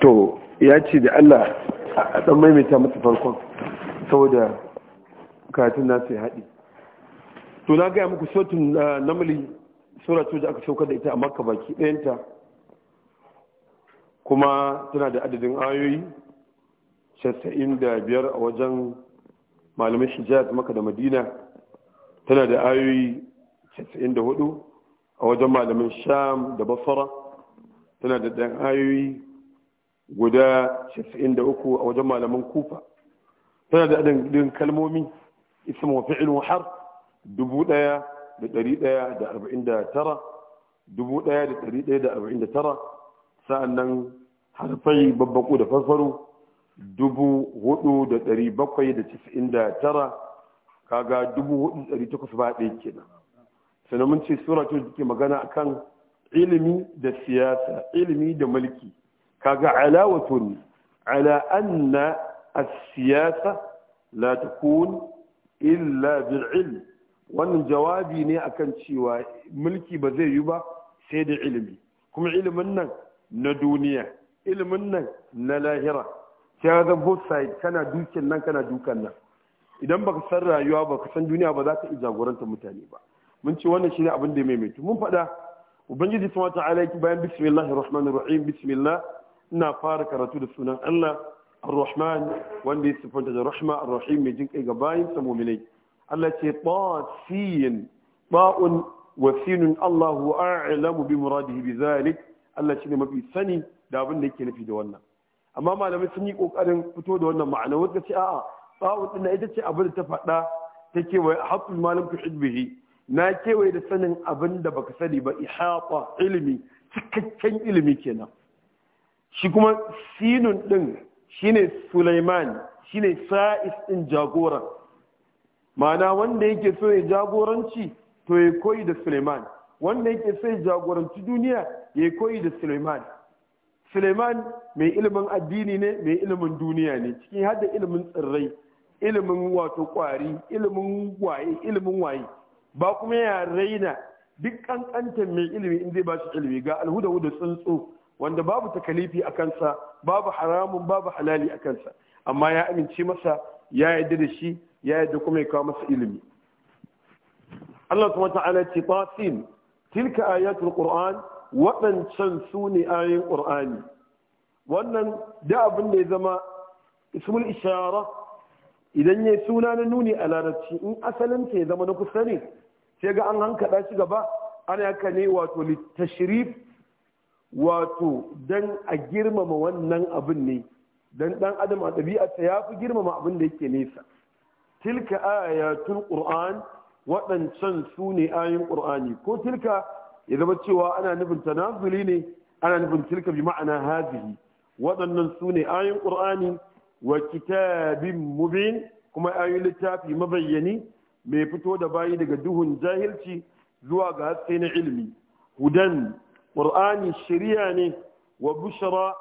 to ya ce da Allah a ɗan maimaita mata farkon saboda karatun nasu ya haɗi to na gaya muku sautin ah, namali suratu da aka saukar da ita a makka baki ɗayanta kuma tana da adadin ayoyi 95 a wajen malamin shijaz maka da madina tana da ayoyi 94 a wajen malamin sham da basara tana da ɗan ayoyi guda 93 a wajen malaman kufa tana da adadin kalmomi ismu wa fi'il wa har 1149 1149 sa'annan harfai babbaku da farfaro 4799 kaga 4800 ba ɗaya kenan sanamun mun ce sura ce da ke magana akan ilimi da siyasa ilimi da mulki kaga alawatun ala anna as-siyasa la takun illa bil ilm wannan jawabi ne akan cewa mulki ba zai yi ba sai da ilimi kuma ilimin nan na duniya ilimin nan na lahira sai ga both side kana dukin nan kana dukan nan idan baka san rayuwa baka san duniya ba za ka iya jagoranta mutane ba mun ce wannan shine abin da ya maimaitu mun faɗa ubangiji subhanahu wa ta'ala bayan bismillahir rahmanir rahim bismillah ina fara karatu da sunan Allah ar-Rahman wanda ya sifanta da Rahma ar-Rahim mai jinkai ga bayin sa mu'minai Allah ce tasin ba'un wa Allahu a'lamu bi muradihi bi zalik Allah shine mafi sani da abin da yake nufi da wannan amma malamai sun yi kokarin fito da wannan ma'ana wanda ce a'a ba'un din ita ce abin da ta faɗa take wa haqqul malam fi hibbihi na kewaye da sanin abin da baka sani ba ihata ilimi cikakken ilimi kenan shi kuma sinun ɗin Suleiman, shi ne sa'is ɗin jagoran ma'ana wanda yake so ya jagoranci to ya koyi da Suleiman, wanda yake so ya jagoranci duniya ya koyi da Suleiman. Suleiman mai ilimin addini ne mai ilimin duniya ne cikin hada ilimin tsirrai ilimin wato kwari ilimin waye ilimin waye ba kuma ya raina duk kankanta mai ilimi in zai ba shi ilimi ga alhuda da tsuntsu wanda babu takalifi a kansa babu haramun babu halali a kansa amma ya amince masa ya yadda da shi ya yadda kuma ya kawo masa ilimi Allah subhanahu ta'ala ce tasin tilka ayatul qur'an waɗancan su ne ayoyin qur'ani wannan da abin da ya zama ismul ishara idan ya suna na nuni a larabci in asalin ya zama na kusa ne sai ga an hankaɗa shi gaba ana yaka ne wato tashrif wato dan a girmama wannan abin ne dan dan adam a ɗabi'arsa ya fi girmama abin da yake nesa tilka ayatul qur'an waɗancan su ne ayin qur'ani ko tilka ya zama cewa ana nufin tanazuli ne ana nufin tilka bi ma'ana hazihi waɗannan su ne ayin qur'ani wa kitabin mubin kuma ayin littafi mabayyani mai fito da bayi daga duhun jahilci zuwa ga haske na ilimi hudan ƙur'ani shirya ne wa bushara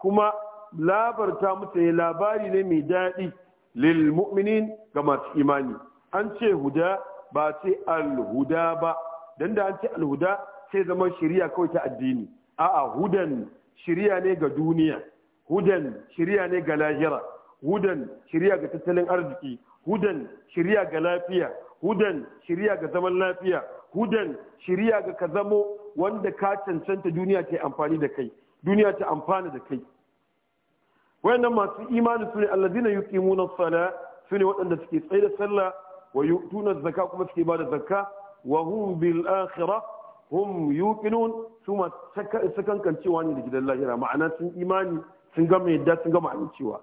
kuma labarta mutane labari ne mai daɗi lil ga masu imani an ce huda ba ce alhuda ba don da an ce alhuda sai zama shirya kawai ta addini a'a hudan shirya ne ga duniya hudan shirya ne ga lahira hudan shirya ga tattalin arziki hudan shirya ga lafiya hudan shirya ga zaman lafiya hudan shirya ga ka zamo wanda ka cancanta duniya ta amfani da kai duniya ta amfana da kai wayannan masu imani sune allazina yuqimuna as-sala sune waɗanda suke tsaye da sallah wa yu'tuna zakka kuma suke bada zakka wa hum bil akhirah hum yuqinun suma sakankan cewa ne da gidan lahira ma'ana sun imani sun gama yadda sun gama amincewa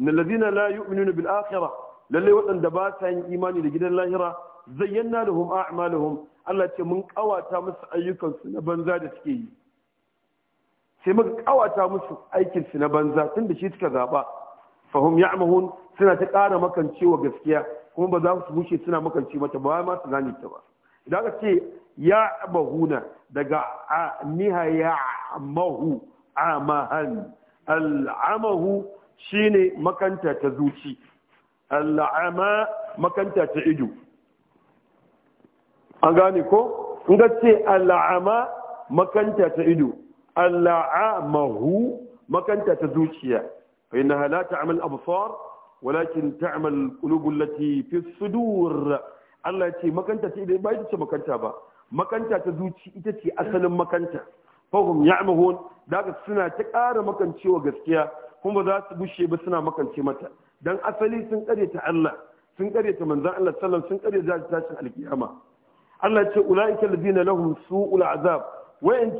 innal ladina la yu'minuna bil akhirah lalle waɗanda ba sa yin imani da gidan lahira zayyana hum a'maluhum Allah ce mun kawata musu ayyukan su na banza da suke yi sai muka kawata musu aikinsu na banza tunda shi suka zaba fahum ya'mahun suna ta ƙara makancewa gaskiya kuma ba za su bushe suna makance mata ba ma su gane ta ba idan aka ce ya mahuna daga ya mahu amahan al'amahu shine makanta ta zuci al'ama makanta ta ido an gane ko in ga ce al'ama makanta ta ido al'amahu makanta ta zuciya fa inna la ta'mal absar walakin ta'mal qulub allati fi sudur Allah ce makanta ta ido ba ita ce makanta ba makanta ta zuci ita ce asalin makanta fahum ya'mahun daga suna ta ƙara makancewa gaskiya kuma za su bushe ba suna makance mata dan asali sun karyata Allah sun karyata manzon Allah sallallahu sun karyata tashin alkiyama Allah ce ulaika alladhina lahum su'ul azab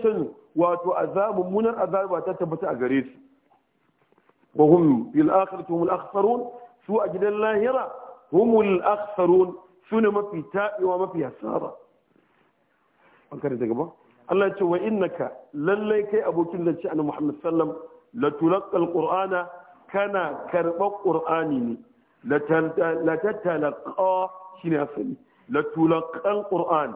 cin wato azabun munar azaba ta tabbata a gare su wa hum fil akhirati humul akhsarun su a gidan lahira humul akhsarun sune mafi tabewa mafi hasara an daga gaba Allah ce wa innaka lallai kai abokin zance annabi Muhammad sallam la tulaqqa alqur'ana kana karɓar ƙur'ani ne latattalaƙa shi ne asali latulaƙan ƙur'an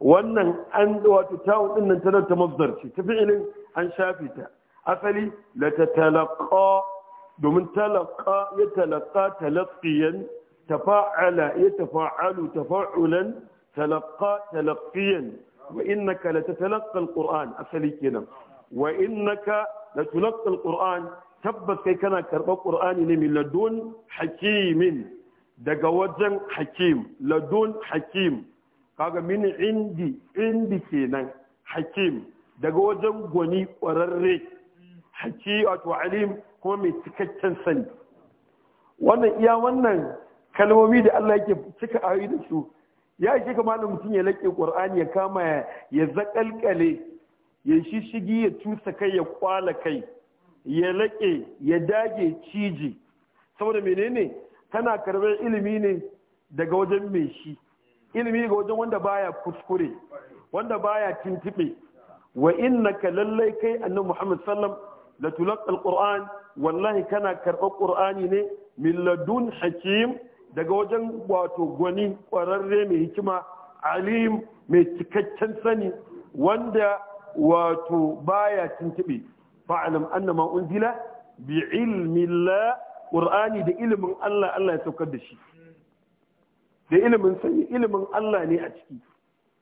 wannan an wato ta ɗin nan tana ta mazdar ta fi'ilin an shafi ta asali latattalaƙa domin talaƙa ya talaƙa talaƙiyan tafa'ala ya tafa'alu tafa'ulan talaƙa talaƙiyan wa innaka latattalaƙa al-ƙur'an asali kenan wa innaka latulaƙa al-ƙur'an tabbas kai kana karɓar ƙur'ani ne min ladun hakimin daga wajen hakim ladun hakim kaga min indi indi kenan hakim daga wajen gwani ƙwararre haki wato alim kuma mai cikakken sani wannan iya wannan kalmomi da Allah yake cika ayoyi da su ya shi da mutum ya laƙe ƙur'ani ya kama ya zaƙalƙale ya shishigi ya tusa kai ya kwala kai ya laƙe ya dage ciji saboda menene kana karɓar ilimi ne daga wajen mai shi ilimi ga wajen wanda baya kuskure wanda baya tintibe wa ka lallai kai annabi Muhammad sallam la tulaqqa alquran wallahi kana karɓar qur'ani ne min ladun hakim daga wajen wato gwani ƙwararre mai hikima alim mai cikakken sani wanda wato baya tuntuɓe fa'alam annama unzila bi ilmi la ƙur'ani da ilimin Allah Allah ya saukar da shi da ilimin sanyi ilimin Allah ne a ciki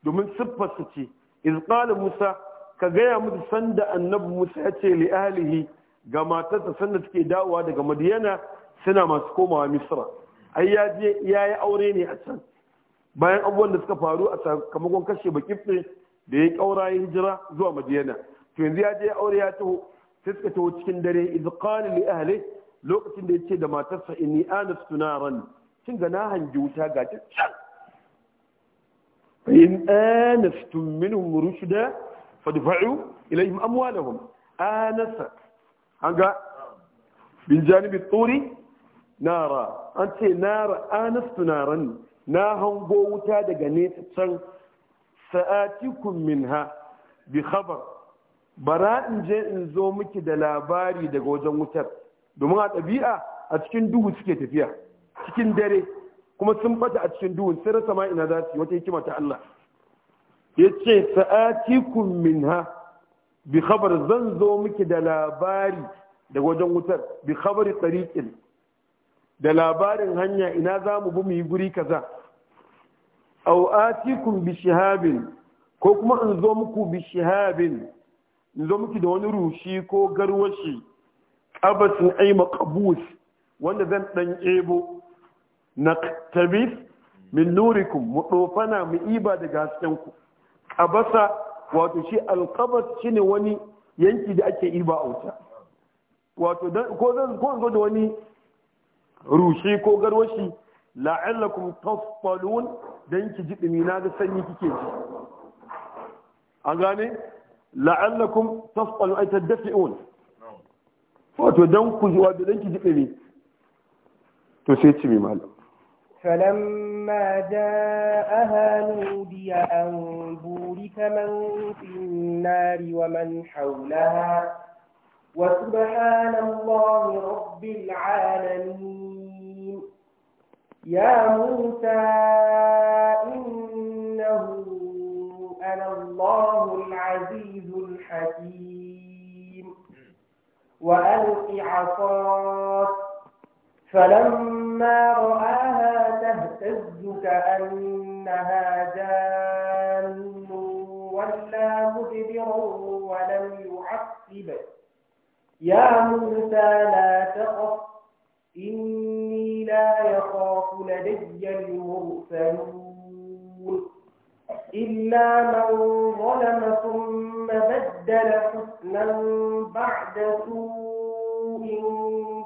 domin siffarsa ce iz musa ka gaya musu sanda annabi musa ya ce li alihi ga matarsa sanda suke dawowa daga madiyana suna masu komawa misra ai ya je ya yi aure ne a can bayan abubuwan da suka faru a sakamakon kashe bakifte da ya kaura ya hijira zuwa madiyana to yanzu ya je aure ya taho سيسكا توتشكن دري إذ قال لأهله لو كنت يتشي دما تفح إني آنفت نارا شنغا نجوتها قاعدة قاتا فإن آنفت منهم رشدا فدفعوا إليهم أموالهم آنفت هنغا من جانب الطور نارا أنت نار آنفت نارا ناهم قوتها دقا نيت سآتيكم منها بخبر bara in je in zo miki da labari daga wajen wutar domin a ɗabi'a a cikin duhu suke tafiya cikin dare kuma sun bata a cikin duhu sai rasa ma ina za su yi wata hikima ta Allah ya ce sa'atikum minha bi khabar zan zo miki da labari daga wajen wutar bi khabari tsariƙin da labarin hanya ina za mu bi mu yi guri kaza au atikum bi shihabin ko kuma in zo muku bi zo miki da wani rushi ko garwashi qabatin ai maqbus wanda zan dan ebo naktabis min nurikum mu dofana mu iba daga hasken ku qabasa wato shi alqabas shine wani yanki da ake iba a wuta wato ko zan ko zo da wani rushi ko garwashi la'allakum tasfalun dan ki ji dumi na ga sanyi kike ji an gane لعلكم tasqalu ay تدفئون wato dan ku zuwa dan ki فلما جاءها نودي أن بورك من في النار ومن حولها وسبحان الله رب العالمين يا موسى إنه وكان الله العزيز الحكيم وألق عصاك فلما رآها تهتز كأنها جان ولا مدبرا ولم يعقب يا موسى لا تخف إني لا يخاف لدي المرسلون إلا من ظلم ثم بدل حسنا بعد سوء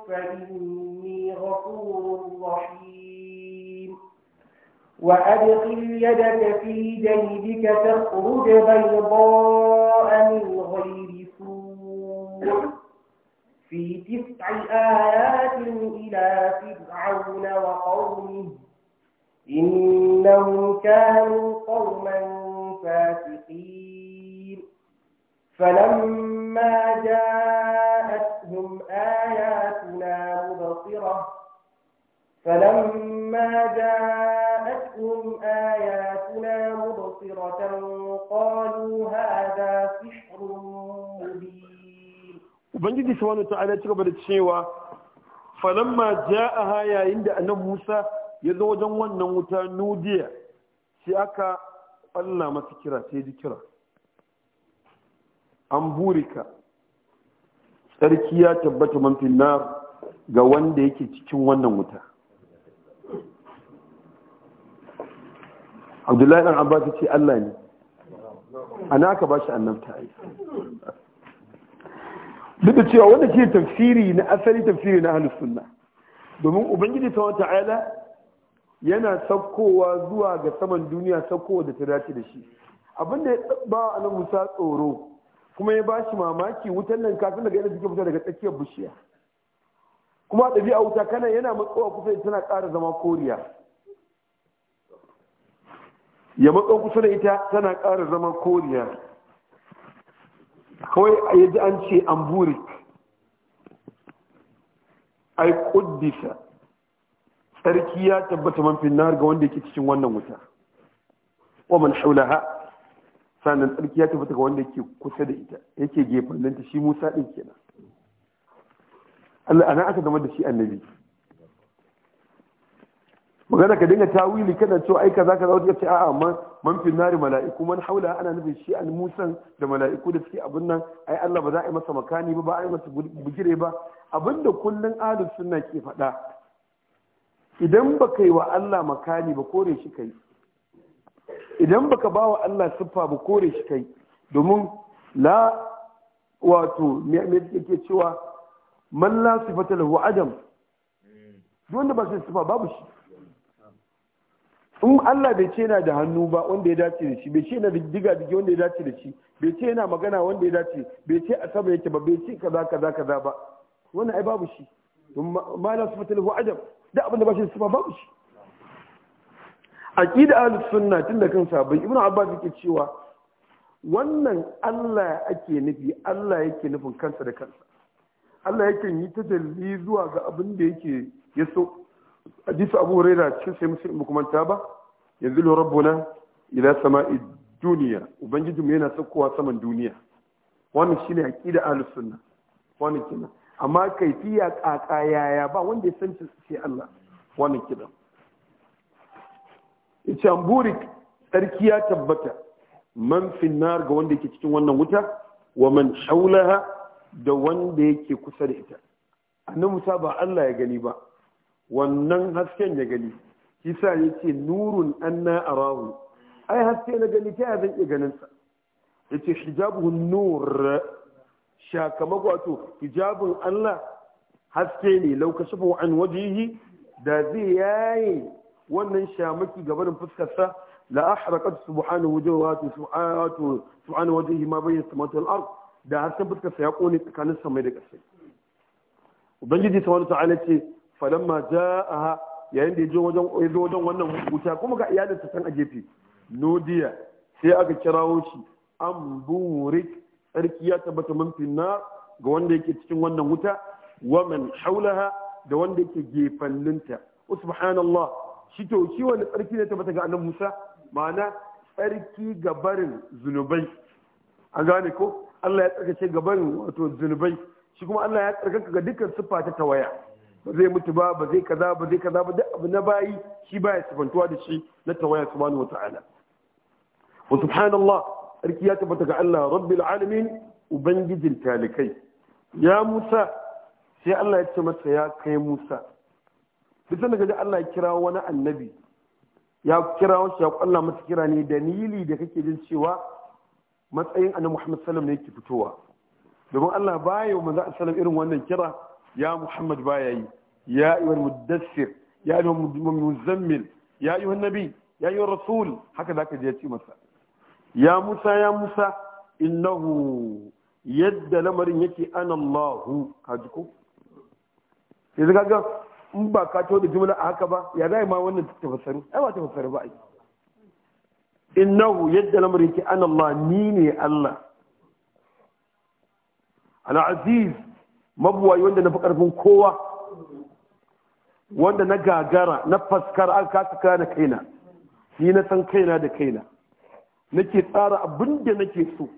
فإني غفور رحيم وأدخل يدك في جيبك تخرج بيضاء من غير سوء في تسع آيات إلى فرعون وقومه إنهم كانوا قوما فاسقين فلما جاءتهم آياتنا مبصرة فلما جاءتهم آياتنا مبصرة قالوا هذا سحر مبين وبنجد سبحانه وتعالى تقبل الشيوة فلما جاءها يا عند أن موسى ya zo wajen wannan wuta nudiya sai aka ƙwalla masa kira sai ji kira an burika tsarki ya tabbata man finnar ga wanda yake cikin wannan wuta abdullahi ɗan abbas ce allah ne ana aka ba shi annabta a yi duk da cewa wanda ke tafsiri na asali tafsiri na halus sunna domin ubangiji ta wata ala yana saukowa zuwa ga saman duniya saukowa da ta dace da shi Abinda ya ba a nan musa tsoro kuma ya bashi mamaki wutan nan kafin daga yadda suke fita daga tsakiyar bishiya kuma ɗabi'a wuta kana yana matsowa kusa tana ƙara zama koriya ya matso kusa da ita tana ƙara zama koriya kawai ya ji an ce amburik ai kuddisa sarki ya tabbata man finnar ga wanda yake cikin wannan wuta wa man haulaha sannan sarki ya tabbata ga wanda yake kusa da ita yake gefanninta shi Musa din kenan Allah ana aka game da shi annabi magana ka dinga tawili kana cewa ai kaza kaza wata ce a'a man man finnari mala'iku man haulaha ana nufin shi an Musa da mala'iku da suke abin nan ai Allah ba za a yi masa makani ba ba a yi masa bugire ba abinda kullun ahlus sunna ke faɗa idan baka yi wa Allah makani ba kore shi kai idan baka ba wa Allah siffa ba kore shi kai domin la wato me yake cewa man la sifata lahu adam duk wanda ba sai siffa babu shi in Allah bai ce yana da hannu ba wanda ya dace da shi bai ce yana da diga diga wanda ya dace da shi bai ce yana magana wanda ya dace bai ce a sama yake ba bai ce kaza kaza kaza ba wannan ai babu shi ma la sifata lahu adam da abinda da ba shi da sifar babu shi aqida ahlus sunna tunda kan sabon ibnu abbas yake cewa wannan Allah ake nufi Allah yake nufin kansa da kansa Allah yake yi tajalli zuwa ga abin da yake ya so hadisi Abu Huraira cikin sai musu ta ba yanzu rabbuna ila sama'i duniya ubangijinmu yana saukowa saman duniya wannan shine aqida ahlus sunna wannan kenan amma kaifiya kaka yaya ba wanda ya san sai Allah wannan kidan yace an tsarki ya tabbata man finnar ga wanda yake cikin wannan wuta wa man haulaha da wanda yake kusa da ita annabi Musa ba Allah ya gani ba wannan hasken ya gani kisa yace nurun anna arahu ai haske na gani ta zan iya ganin sa yace shijabu nur shakamako wato hijabun Allah haske ne laukashifu an wajihi da zai yaye wannan shamaki gabanin fuskarsa la ahraqat subhanahu wato subhanahu subhanahu wajhihi ma bayna samawati ard da hasken fuskarsa ya kone tsakanin samai da ƙasa ubangiji subhanahu ta'ala ce falamma ja'aha yayin da ya je wajen wajen wannan wuta kuma ga iyalinsa san a gefe nodiya sai aka kirawo shi an burik tsarki ya tabbata man finna ga wanda yake cikin wannan wuta wa man haulaha da wanda yake gefanninta subhanallah shi to shi wani tsarki ne tabbata ga annabi Musa ma'ana tsarki ga barin zunubai an gane ko Allah ya tsarkace ga barin wato zunubai shi kuma Allah ya tsarkaka ga dukkan siffa ta tawaya ba zai mutu ba ba zai kaza ba zai kaza ba duk abu na bayi shi baya sifantuwa da shi na tawaya subhanahu wata'ala wa subhanallah sarki ya tabbata ga Allah rabbil alamin ubangijin talikai ya Musa sai Allah ya ce masa ya kai Musa duk da kaji Allah ya kira wani annabi ya kira wasu ya kwalla masa kira ne dalili da kake jin cewa matsayin annabi Muhammad sallam ne yake fitowa domin Allah baya wa manzo sallam irin wannan kira ya Muhammad baya yi ya ayyuhal muddassir ya ayyuhal muzammil ya ayyuhan nabi ya ayyuhar rasul haka zaka je ya ce masa ya musa ya musa innahu yadda lamarin yake ana allahu kaji ko yanzu ga in ba ka cewa da jumla a haka ba ya zai ma wannan tafsirin ai ba tafsirin ba ai innahu yadda lamarin yake ana allah ni ne allah ana aziz mabuwayi wanda na fi karfin kowa wanda na gagara na faskar an kasa kana kaina ni na san kaina da kaina nake tsara abin da nake so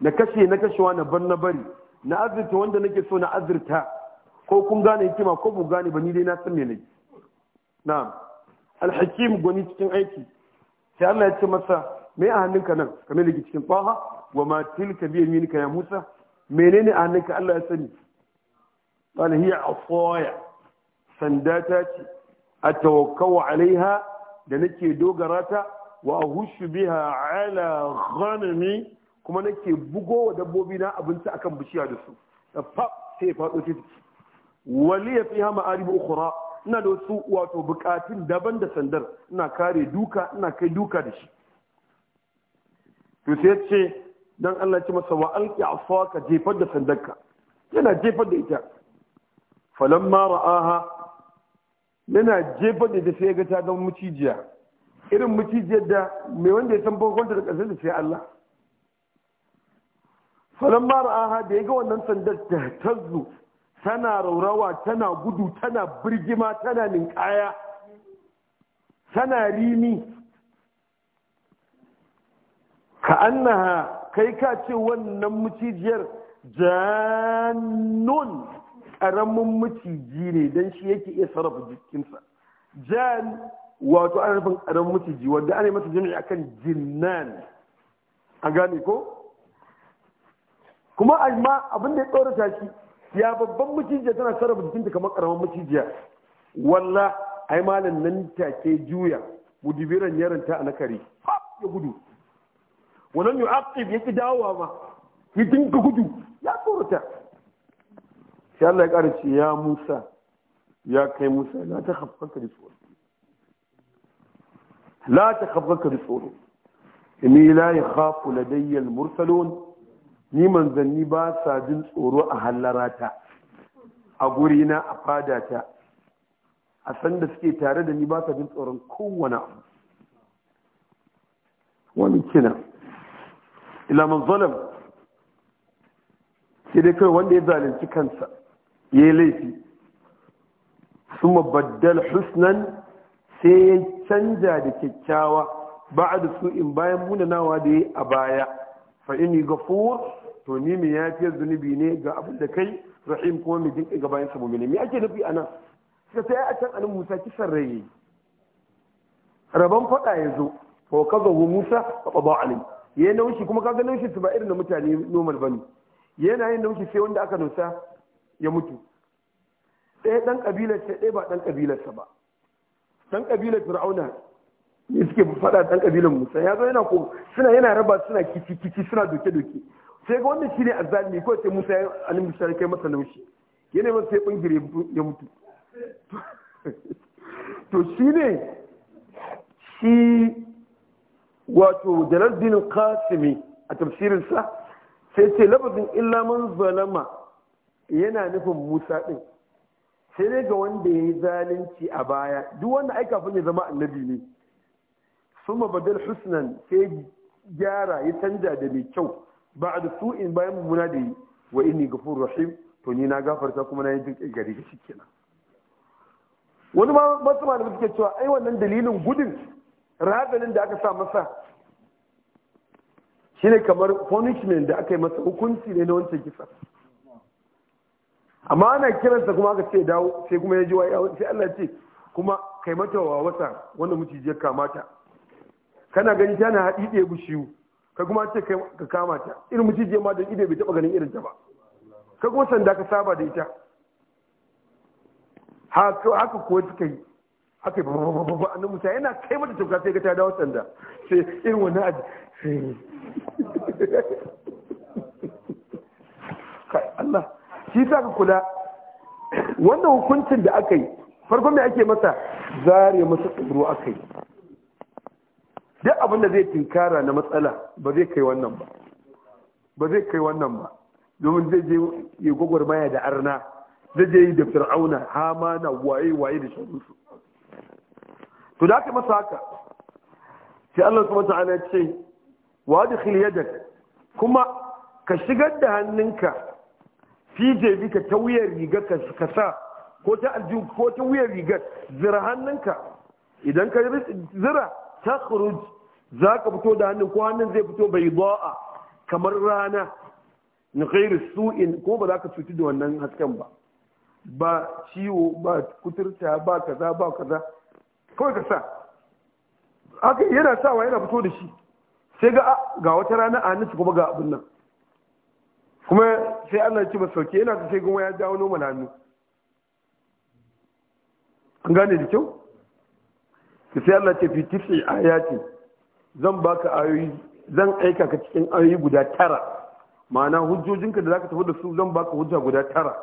na kashe na kashewa na bar na bari na azurta wanda nake so na azurta ko kun gane hikima ko bu gane ba ni dai na san me nake na'am alhakim gwani cikin aiki sai Allah ya ce masa me a hannunka nan kamar da cikin faha wa ma tilka bi yaminika ya Musa menene a hannunka Allah ya sani qala hiya asaya sanda ce atawakkau alaiha da nake dogara ta wa hushu biha ala ghanami kuma nake bugo wa dabbobi na abinci akan bishiya da su da sai fa faɗo ta wali ya fi hama ukhra ina da wasu wato bukatun daban da sandar ina kare duka ina kai duka da shi to sai ce dan Allah ya ce masa wa alqi asaka jefar da sandarka yana jefar da ita falamma ra'aha yana jefar da ita sai ya ga ta ga mucijiya irin mucijiyar da mai wanda ya san bankonta da ƙasar da sai Allah falon mara aha da ya ga wannan sandar ta tazzu tana raurawa tana gudu tana birgima tana ninkaya tana rini ka annaha kai ka ce wannan mucijiyar janun ƙaramin maciji ne don shi yake iya sarrafa jikinsa jan wato ana nufin karamin maciji wanda ana masa jami'a akan jinnan a gane ko kuma amma abin da ya tsorata shi ya babban macijiya tana sarrafa jikinta kamar karamin macijiya walla yi malin nan take juya mudibiran yaranta a nakari ya gudu wannan yu ya ki dawowa ma ya dinka gudu ya tsorata shi Allah ya ƙara ce ya Musa ya kai Musa na ta khaffanka da tsoro la ta kafka da tsoro inni la ya khafu ladayya mursalun ni manzanni ba sa jin tsoro a hallarata a gurina a fadata a sanda suke tare da ni ba sa jin tsoron kowane wani kina ila man sai dai kai wanda ya zalunci kansa ya yi laifi suma baddal husnan sai ya canja da kyakkyawa da ba su in bayan munanawa da yi a baya fa ga ghafur to ni mai yafiya zunubi ne ga abin da kai rahim kuma mai jinƙi ga bayan samu mene me ake nufi nan? sai sai a can anin Musa kisan rai rabon fada ya zo ko ka kazahu Musa ka ɓaɓa alim ya naushi kuma kaga naushi su ba irin da mutane normal bane yana yin naushi sai wanda aka nausa ya mutu ɗaya ɗan ƙabilarsa ɗaya ba ɗan ƙabilarsa ba dan kabilar fir'auna ne suke faɗa dan kabilar musa ya zo yana ko suna yana raba suna kici kici suna doke doke sai ga wannan shine azzalimi ko sai musa ya alim musa kai masa naushi yana masa sai bungire ya mutu to shine shi wato jalaluddin qasimi a tafsirinsa sai ce lafazin illa man zalama yana nufin musa din sai dai ga wanda ya yi zalunci a baya duk wanda aika fi ya zama annabi ne suma badal husnan sai gyara ya canja da mai kyau ba a da su'in bayan mummuna da yi wa inni gafur rahim to ni na gafarta kuma na yi duk gari da shi wani ma masu suke cewa ai wannan dalilin gudun razanin da aka sa masa shine kamar punishment da aka yi masa hukunci ne na wancan kisa amma ana kiransa kuma aka ce dawo sai kuma ya ji wa sai Allah ce kuma kai mata wa wata wanda mucijiyar kamata kana gani tana haɗi ɗaya bushiyu kai kuma ce ka kama ta irin mucijiyar ma da ido bai taɓa ganin irin ta ba Ka kuma sanda ka saba da ita haka kuwa suka yi haka yi babba annan musa yana kai mata tuka sai ka ta dawo sanda sai irin wannan aji Allah shi sa ka kula wannan hukuncin da aka yi farkon mai ake masa zare masa tsoro aka yi duk abin da zai tinkara na matsala ba zai kai wannan ba ba zai kai wannan ba domin zai je ya gwagwarmaya da arna zai je yi da fir'auna na, waye waye da shaurinsu to da aka masa haka sai Allah mata ana ce wa da kuma ka shigar da hannunka fi bika ta wuyar rigar ka sa ko ta aljihu ko ta wuyar rigar zira hannunka idan ka zira ta khuruj za ka fito da hannun ko hannun zai fito bai ba'a kamar rana na khairu su'in ko ba za ka cuti da wannan hasken ba ba ciwo ba kuturta ba kaza ba kaza kawai ka sa aka yana sawa yana fito da shi sai ga ah, ga wata rana a hannunsa kuma ga abin nan kuma sai Allah ya ce ba sauke yana ta sai goma ya dawo noma na hannu an gane da kyau ka sai Allah ce fi ayati zan baka ayoyi zan aika ka cikin ayoyi guda tara ma'ana hujjojinka da zaka tafi da su zan baka hujja guda tara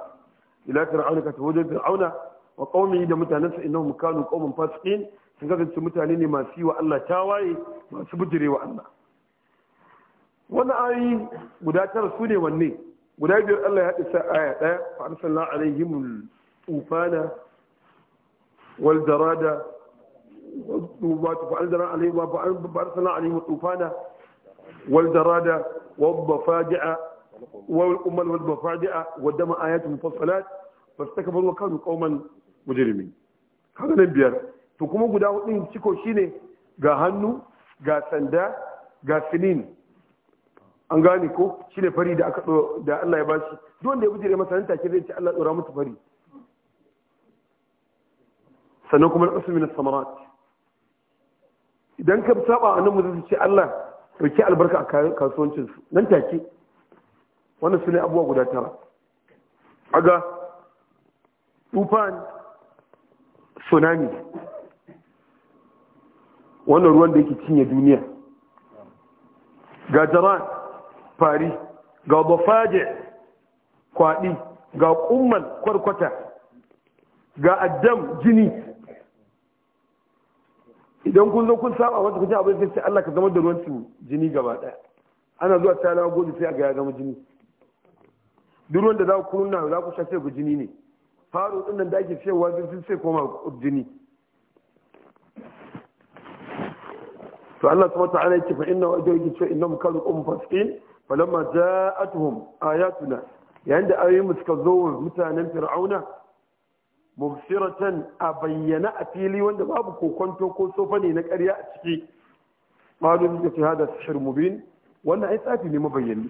ila fir'auna ka tafi da fir'auna wa qaumi da mutanansa innahum kanu qauman fasiqin sun kasance mutane ne masu yi wa Allah tawaye masu bijirewa Allah wani ayi guda tara su ne wanne guda biyar Allah ya isa aya daya fa arsalna alaihim tufana wal jarada والطوبات فأنزل عليهم فأرسلنا عليهم الطوفان والجراد والضفادع والأمم والضفادع والدم آيات مفصلات فاستكبروا وكانوا قوما مجرمين هذا biyar to kuma guda hudu ciko shine ga hannu ga sanda ga sinin an gane ko shine fari da aka da Allah ya bashi duk wanda ya bujire masa nan take zai ce Allah dora mutu fari sannan kuma al-qasm min as-samarat idan ka saba mu zai ce Allah dauki albarka a kasuwancin su nan take wannan sune abubuwa guda tara aga tufan tsunami wannan ruwan da yake cinye duniya gajaran fari ga bafaje kwaɗi ga kumman kwarkwata ga addam jini idan kun zo kun saba wata kuce abin sai Allah ka zama da ruwan jini gaba ɗaya ana zuwa ta lawa gobe sai a ga ya zama jini duk ruwan da za ku kunna za ku sha sai ku jini ne faru din nan da ake cewa sun sai koma jini to Allah subhanahu wa ta'ala yake fa inna wajhi yake cewa innam kalu um fasiqin falamma ja'atuhum ayatuna yayin da ayoyin suka zo wa mutanen fir'auna mubsiratan a bayyana a fili wanda babu kokonto ko sofa ne na ƙarya a ciki malum suka ce hada sihir mubin wannan ai tsafi ne mabayyani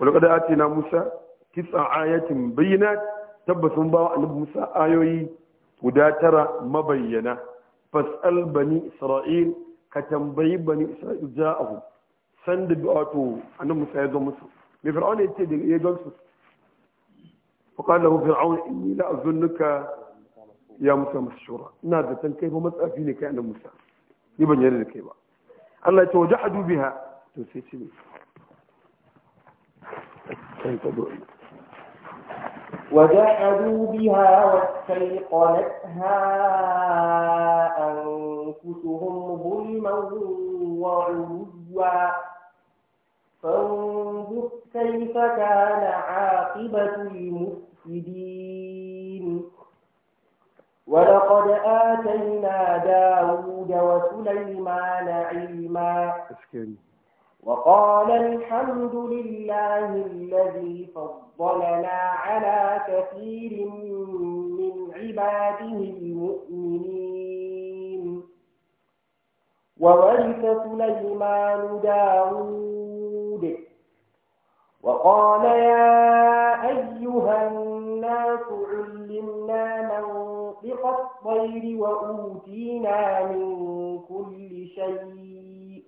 walaqad atina musa tis'a ayatin tabbas tabbasun ba annabi musa ayoyi guda tara mabayyana fas'al bani isra'il ka tambayi bani isra'il ja'ahu send da auto annabi Musa ya zo musu me fir'aun ya ce da ya gan su fa qala lahu fir'aun inni la azunnuka ya Musa mashura ina da san kai ba matsafi ne kai annabi Musa ni ban yarda da kai ba Allah ya ce wajahadu biha to sai ce وجحدوا بها واستيقنتها أنفسهم ظلما وعلوا فانظر كيف كان عاقبة المفسدين ولقد آتينا داود وسليمان علما وقال الحمد لله الذي فضلنا على كثير من عباده المؤمنين وورث سليمان داود وقال يا أيها الناس علمنا منطق الطير وأوتينا من كل شيء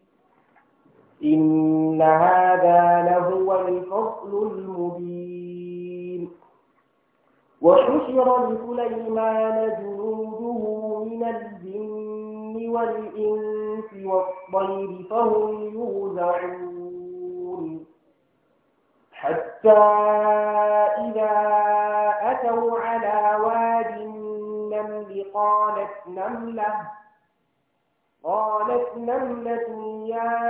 إن هذا لهو الفصل المبين وحشر لسليمان جنوده من الجن والإنس والطير فهم يوزعون حتى إذا أتوا على واد النمل قالت نملة قالت نملة يا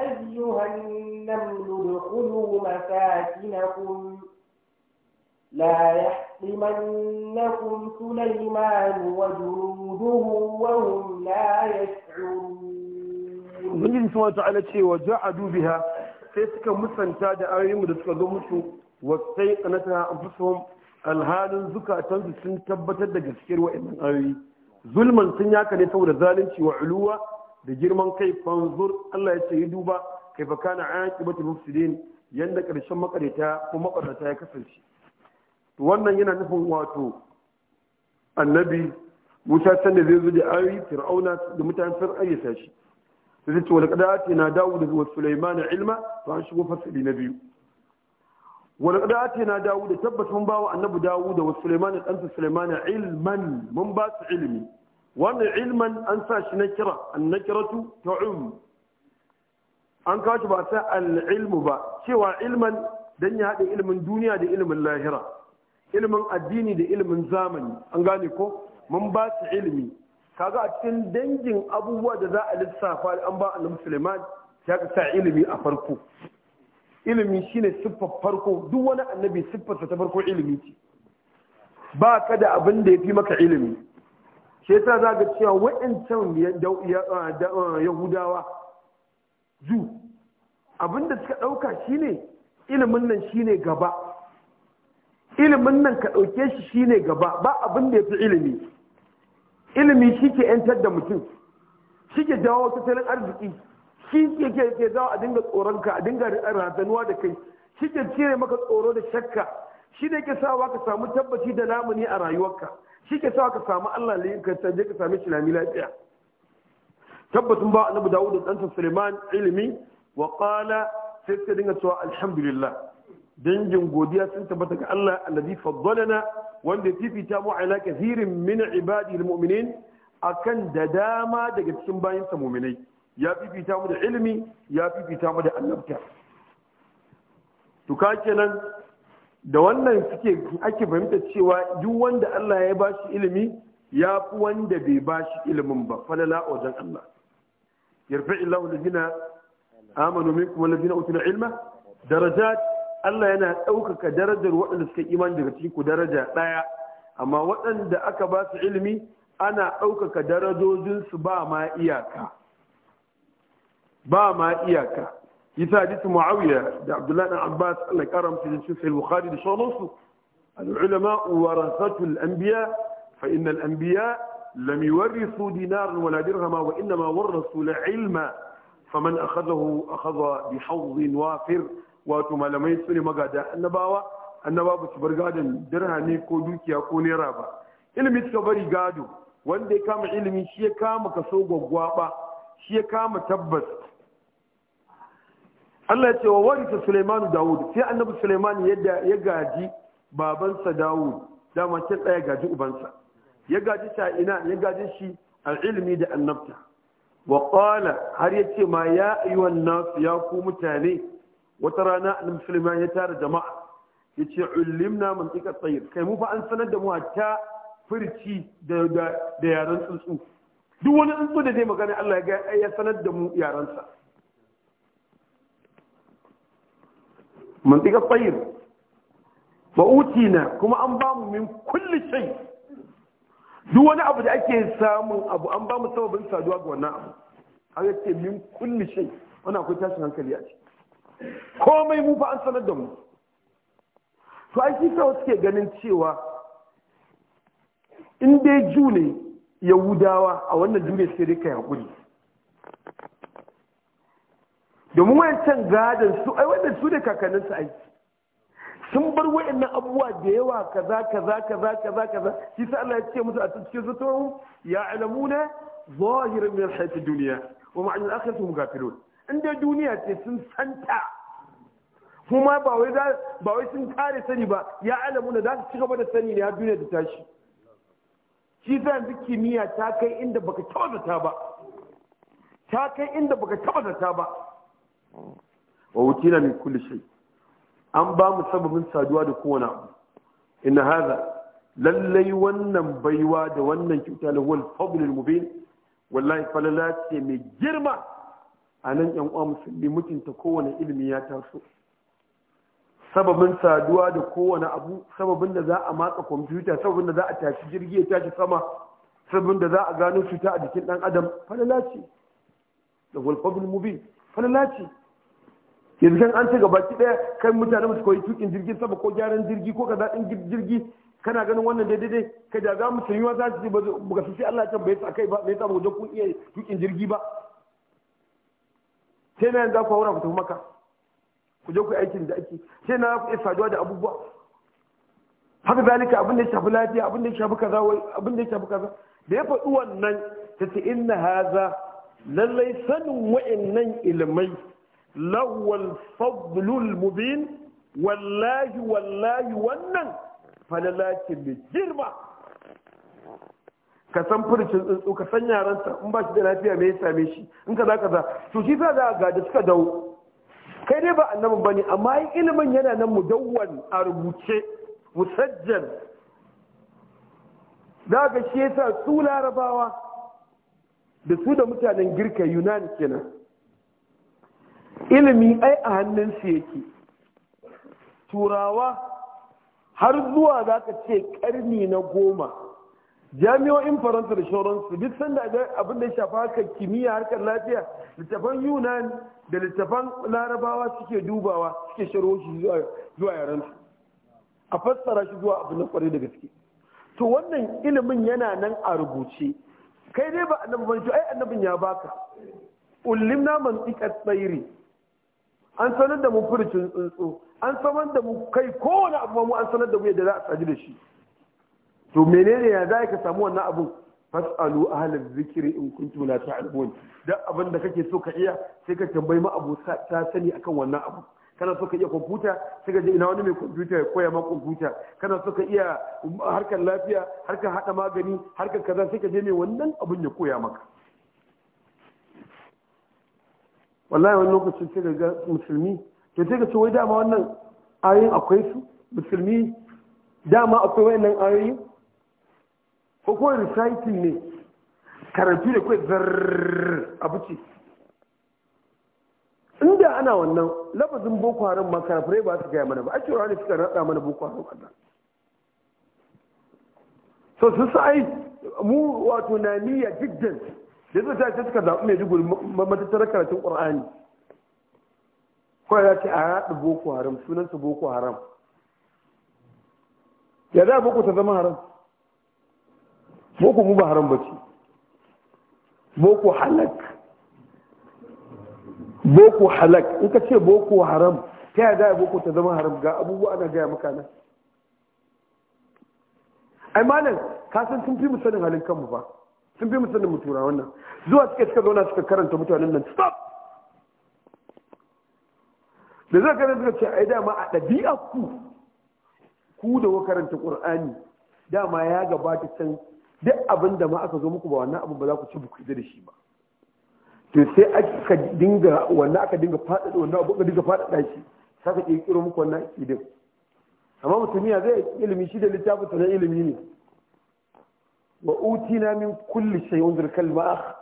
أيها النمل ادخلوا مساكنكم لا يحطمنكم سليمان وجنوده وهم لا يشعرون ubangiji sun wata ala cewa ja'adu biha sai suka musanta da ayoyinmu da suka zo musu wasai kanata anfusuhum alhalin zukatansu sun tabbatar da gaskiyar wa'annan ayoyi zulman sun yaka ne saboda zalunci wa uluwa da girman kai fanzur Allah ya ce yi duba kai fa kana aqibatu mufsidin yanda karshen makareta ko makarata ya kasance wannan yana nufin wato annabi musa san da zai zo da ayi fir'auna da mutanen sun ayyata shi sai zai ce wal qadati na dawo dawud wa sulaiman ilma to an shigo fasali na biyu wani wal qadati na dawo da tabbas mun bawa annabi dawud wa sulaiman dan sa sulaiman ilman mun ba su ilmi wannan ilman an sa shi na kira annakiratu ta'um an kawo shi ba sai al'ilmu ilmu ba cewa ilman dan ya haɗa ilimin duniya da ilimin lahira ilimin addini da ilimin zamani an gane ko mun ba su ilimi kaga a cikin dangin abubuwa da za a lissafa da an ba annabi Sulaiman ya ka sa ilimi a farko ilimi shine siffar farko duk wani annabi siffarsa ta farko ilimi ce ba ka da abin da ya fi maka ilimi shi yasa za ga cewa wa'ancan yahudawa zu abin da suka ɗauka shine ilimin nan shine gaba ilimin nan ka ɗauke shi shine gaba ba abin da ya fi ilimi ilimi shi ke 'yantar da mutum shi ke jawo tattalin arziki shi ke ke zawo a dinga tsoronka a dinga razanuwa da kai shi ke cire maka tsoro da shakka shi ne ke sawa ka samu tabbaci da lamuni a rayuwarka shi ke sawa ka samu Allah ne ka ka sami shilami lafiya tabbatun ba annabi Dawud da ɗansa Suleiman ilimi wa sai ka dinga cewa alhamdulillah dangin godiya sun tabbata ga Allah alladhi faddalana wanda fifita mu ala kathirin min ibadi almu'minin akan da dama daga cikin bayin sa mu'minai ya fifita mu da ilimi ya fifita mu da annabta to ka kenan da wannan suke ake fahimta cewa duk wanda Allah ya bashi ilimi ya fi wanda bai ba shi ilimin ba falala wajen Allah illahu alladhina amanu minkum walladhina utul ilma darajat Allah yana ɗaukaka darajar waɗanda suka imani daga cikin ku daraja ɗaya amma waɗanda aka ba su ilimi ana ɗaukaka darajojinsu ba ma iyaka ba ma iyaka yasa hadisi muawiya da abdullahi dan abbas Allah karam su cikin sahih bukhari da sauransu al-ulama warasatu al-anbiya fa inna al-anbiya lam yuwarrisu dinaran wala dirhama wa inma warasu ilma faman akhadahu akhadha bi hawdin wafir wato malamai su ne magada annabawa annaba ba su bar gadon dirhami ko dukiya ko naira ba ilimi suka bari gado wanda ya kama ilimi shi ya kama kaso gwaggwaba shi ya kama tabbas Allah ya ce wa warisa Sulaiman Dawud sai annabi Sulaiman yadda ya gaji babansa Dawud dama kin tsaya gaji ubansa ya gaji ta ina ya gaji shi al-ilmi da annabta wa qala har yace ma ya ayyuhan nas ya ku mutane wata rana annabi Sulaiman ya tara jama'a ya ulimna ullimna tsika tsayir kai mu fa an sanar da mu a ta da da yaran tsuntsu duk wani tsuntsu da zai magana Allah ya ga ya sanar da mu yaran sa tsika tsayir fa utina kuma an ba mu min kulli shay duk wani abu da ake samun abu an ba mu sababin saduwa ga wannan abu har yace min kulli shay wannan akwai tashin hankali a ciki komai mu fa an sanar da mu to ai shi sa suke ganin cewa in dai ju ne yahudawa a wannan duniya sai dai kai hakuri domin wancan gadon su ai wannan su ne kakannin su aiki sun bar wayannan abubuwa da yawa kaza kaza kaza kaza kaza shi sa Allah ya ce musu a cikin zuwa ya alamuna zahirin min hayati duniya wa ma'an al-akhirati hum ghafilun in duniya ce sun santa kuma ba wai sun kare sani ba ya alamu da za su ci gaba da sani ne har duniya ta tashi shi sa yanzu kimiyya ta kai inda baka taba ta ba ta kai inda baka taba ta ba wa na min kulle shay an ba mu sababin saduwa da kowane abu inna hadha lallai wannan baiwa da wannan kyauta da wal fadlul mubin wallahi falala ce mai girma a nan ƴan uwa musulmi mutunta kowane ilimi ya taso sababin saduwa da kowane abu sababin da za a matsa kwamfuta sababin da za a tashi jirgi ya tashi sama sababin da za a gano cuta a jikin ɗan adam falala ce da walfabin mubi falala ce yanzu kan an ci gaba ki ɗaya kan mutane musu koyi tukin jirgin sama ko gyaran jirgi ko kaza din jirgi kana ganin wannan daidai ka da za mu sanyi za su ce ba su sai Allah ya bai sa kai ba bai yasa mu da kun iya tukin jirgi ba sai na yanzu ku haura ku tafi maka ku je ku aikin da ake sai na ku isa da abubuwa haka zalika abin da ya shafi lafiya abin da ya shafi kaza wai abin da ya shafi kaza da ya faɗi wannan ta ce inna haza lallai sanin wa'annan ilmai lawal fadlul mubin wallahi wallahi wannan falala ce mai girma ka san furcin tsuntsu ka san yaransa in ba shi da lafiya me ya same shi in ka za ka za to shi za ga da suka dau. kai dai ba ba ne, amma ilimin yana nan mu mudawwan a rubuce musajjal za ga shi yasa su larabawa da su da mutanen girka yunan kenan ilimi ai a hannun su yake turawa har zuwa za ka ce karni na goma jami'o'in faransa da shoransu duk sanda abin da ya shafa haka kimiyya harkar lafiya littafan yunan da littafan larabawa suke dubawa suke sharo shi zuwa yarensu a fassara shi zuwa abin na kwarai da gaske to wannan ilimin yana nan a rubuce kai dai ba annabi ba ai annabin ya baka ullim na mantiƙa tsairi an sanar da mu furucin tsuntsu an sanar da mu kai kowane abu mu an sanar da mu yadda za a tsaji da shi to menene ya za ka samu wannan abun fas'alu ahlal zikri in kuntum la ta'lamun da abin da kake so ka iya sai ka tambayi ma abu ta sani akan wannan abu kana so ka iya kwamfuta sai ka je ina wani mai kwamfuta ya koya ma kwamfuta kana so ka iya harkar lafiya harkar hada magani harkar kaza sai ka je mai wannan abun ya koya maka wallahi wani lokacin sai ga musulmi to sai ka ce wai dama wannan ayoyin akwai su musulmi dama akwai wayannan ayoyin ko ko reciting ne karatu da kawai zarrrr abu ce inda ana wannan lafazin boko haram ma kafirai ba su gaya mana ba a cewa ne suka rada mana boko haram Allah so su sai mu wato na niyya jiddan da zai tashi suka zaɓi mai dugul matattarar karatun ƙur'ani kawai ya ce a yaɗa boko haram sunansa boko haram ya za boko ta zama haram boko mu ba haram ba ce boko halak boko halak in ka ce boko haram ta ya boko ta zama haram ga abubuwa ana gaya maka nan ai malam ka san sun fi mu sanin halin kanmu ba sun fi mu sanin mu tura wannan zuwa suke suka zauna suka karanta mutanen nan stop da zai karanta suka ce ai dama a ɗabi'a ku ku da wa karanta qur'ani dama ya gabata can duk abin da ma aka zo muku ba wannan abin ba za ku ci buku da shi ba to sai aka dinga wannan aka dinga faɗaɗa wannan abu aka dinga faɗaɗa shi sai ka kirkiro muku wannan idin amma ya zai ilimi shi da littafin sa na ilimi ne wa utina min kulli shay unzur kalma akh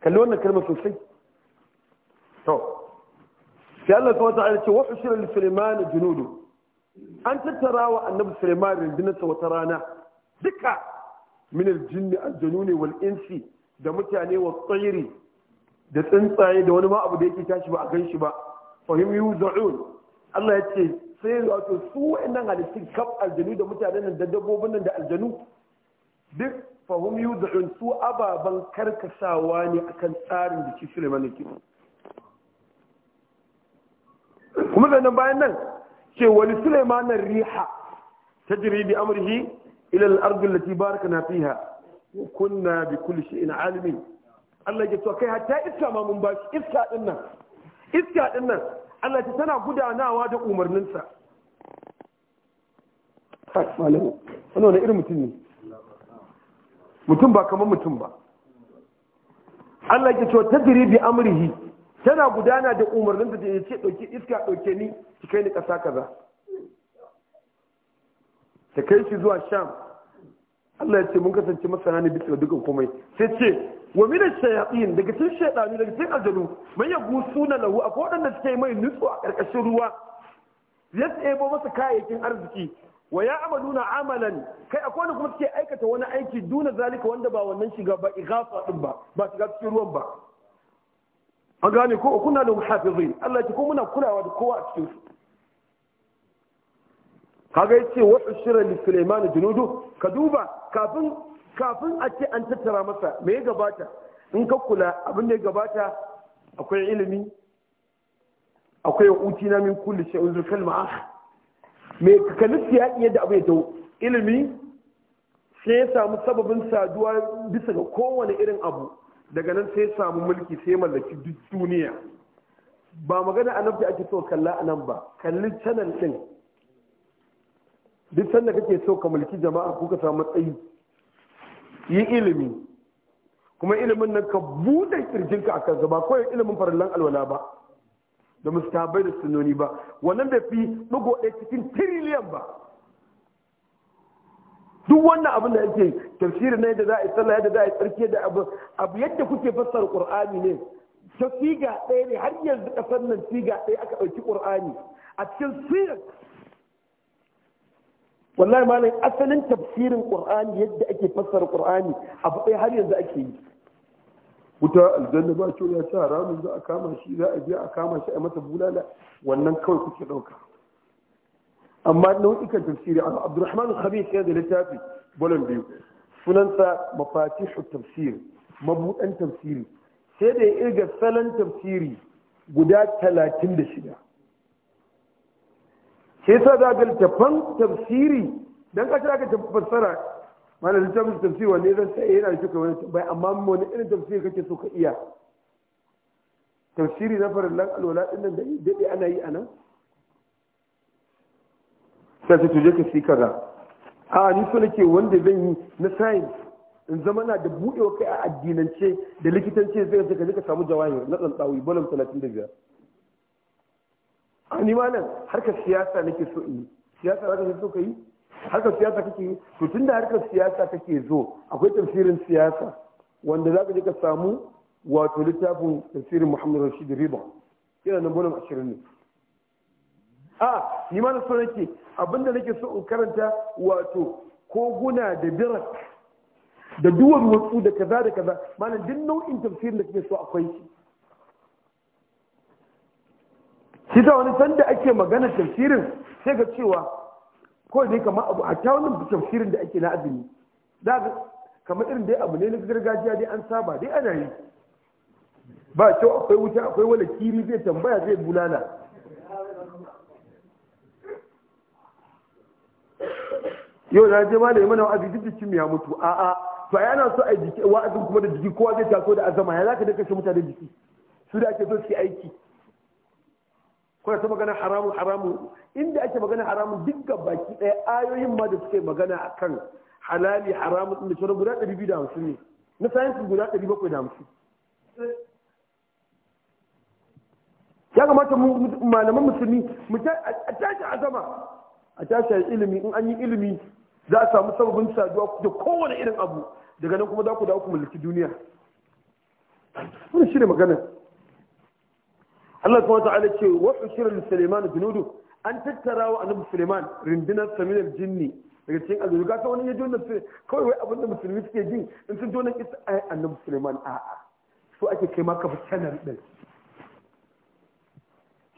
kalli wannan kalma sosai to sai Allah ta wata ce wa ushira li sulaiman junudu an tattara wa annabi sulaiman rindinarsa wata rana duka min aljinni aljanuni wal insi da mutane wa tsairi da tsuntsaye da wani ma abu da yake tashi ba a gan shi ba fahim za'un Allah ya ce sai wato su wa'annan halittun kaf aljanu da mutanen nan da dabbobin nan da aljanu duk fahim za'un su ababan karkasawa ne akan tsarin da shi Suleiman yake kuma sannan bayan nan ce wani Suleiman riha tajri bi amrihi ila al-ardi allati barakna fiha wa kunna bi kulli shay'in alimin Allah ya to kai hatta iska ma mun bashi iska din nan iska din nan Allah ta tana gudanawa da umarninsa malamu wani wani irin mutum ne mutum ba kamar mutum ba Allah ya ce ta bi amrihi tana gudana da umarnin da ya ce ɗauki iska ɗauke ni ki kai ni ƙasa kaza ta kai shi zuwa sham Allah ya ce mun kasance masana ne bisa dukkan komai sai ce wa min ash-shayatin daga cikin shaytanu daga cikin aljanu man yagusuna lahu akwai wadanda suke mai nutsu a karkashin ruwa ya tsebo masa kayayyakin arziki wa ya amaluna amalan kai akwai wanda kuma suke aikata wani aiki duna zalika wanda ba wannan shiga ba igafa din ba ba shiga cikin ruwan ba an gane ko kuna da muhafizin Allah ya ce ko muna kulawa da kowa a cikin su kaga yace wa ushira li sulaiman junudu ka duba kafin kafin a ce an tattara masa me ya gabata in ka kula abin da ya gabata akwai ilimi akwai uti na min kulli shay kalma ah. me ka kalli siyaki da abin ya dau? ilimi sai ya samu sababin saduwa bisa ga kowane irin abu daga nan sai ya samu mulki sai ya mallaki duk duniya ba magana annabi ake so kalla anan ba kalli channel din duk sanda kake so ka mulki jama'a ko ka samu matsayi yi ilimi kuma ilimin nan ka buɗe kirjinka a kansa ba kawai ilimin farallan alwala ba da mustabai da sunoni ba wannan da fi ɗigo ɗaya cikin tiriliyan ba duk wannan abin da yake tafsirin na yadda za a yi sallah yadda za a yi tsarki da abu abu yadda kuke fassara qur'ani ne ta siga ɗaya ne har yanzu ƙasar nan siga ɗaya aka ɗauki qur'ani a cikin sirar wallahi malam asalin tafsirin qur'ani yadda ake fassara qur'ani abu ɗaya har yanzu ake yi wuta aljanna ba ce ya ci ramin za a kama shi za a je a kama shi a masa bulala wannan kawai kuke ɗauka amma nau'ikan tafsiri abdurrahman khabir ya da littafi bolon biyu sunansa mafatihu tafsir mabuɗan tafsiri sai da ya irga salon tafsiri guda talatin da shida shi sa za ga littafan tafsiri don ka aka fassara mana littafin tafsiri wanne zan sai yana da shuka wani bai amma wani irin tafsiri kake so ka iya tafsiri na farallan alwala din nan da dade ana yi anan sai ta tuje ka si kaza a ni so nake wanda zan yi na science in zama na da buɗewa kai a addinance da likitance zai ka ka samu jawahir na tsantsawi bolam biyar. a ni malam harkar siyasa nake so in siyasa za ka so ka yi harkar siyasa kake yi to tunda harkar siyasa kake zo akwai tafsirin siyasa wanda za ka je ka samu wato littafin tafsirin Muhammad Rashid Riba yana nan bolon 20 ne a ni malam so nake abinda nake so in karanta wato koguna da birak da duwar wasu da kaza da kaza malam duk nau'in tafsirin da kake so akwai shi shi ta wani sanda ake magana tafsirin sai ga cewa ko ne kamar abu a kyawun tafsirin da ake na azumi da kamar irin dai abu ne na gargajiya dai an saba dai ana yi ba kyau akwai wuta akwai wala kiri zai tambaya zai bulala yau na je malami mana wa'azi duk jikin ya mutu a'a to ai ana so a jiki wa'azin kuma da jiki kowa zai taso da azama ya ka dinka kashe mutane jiki su da ake so su aiki kuna ta magana haramun haramun inda ake magana haramun duk baki ɗaya ayoyin ma da suke magana a kan halali haramun da shirin guda 250 ne na sayansu guda 750 ya kamata malaman musulmi a tashi azama a tashi ilimi in an yi ilimi za a samu sababin saduwa da kowane irin abu daga nan kuma za ku dawo ku mallaki duniya wannan shi ne maganar Allah kuma ala ce wa ushira li Sulaiman junudu an tattara wa annabi Sulaiman rindinar saminar jinni daga cikin azuri ga ta wani ya jona kawai wai abin da musulmi suke ji in sun jona kisa ai annabi Sulaiman a'a so ake kai ka fi sanar din